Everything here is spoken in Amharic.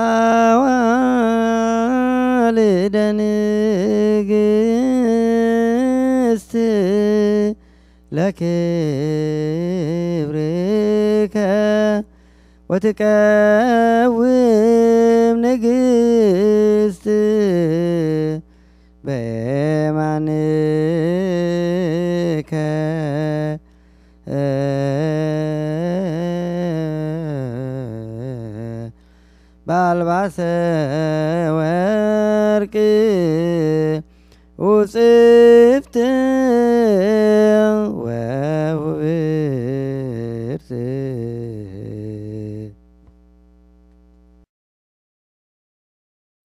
አዋልደ ንግስት ለክብርከ ወትቀውም ንግስት በየማንከ ባልባሰ ወርቅ ውጽብት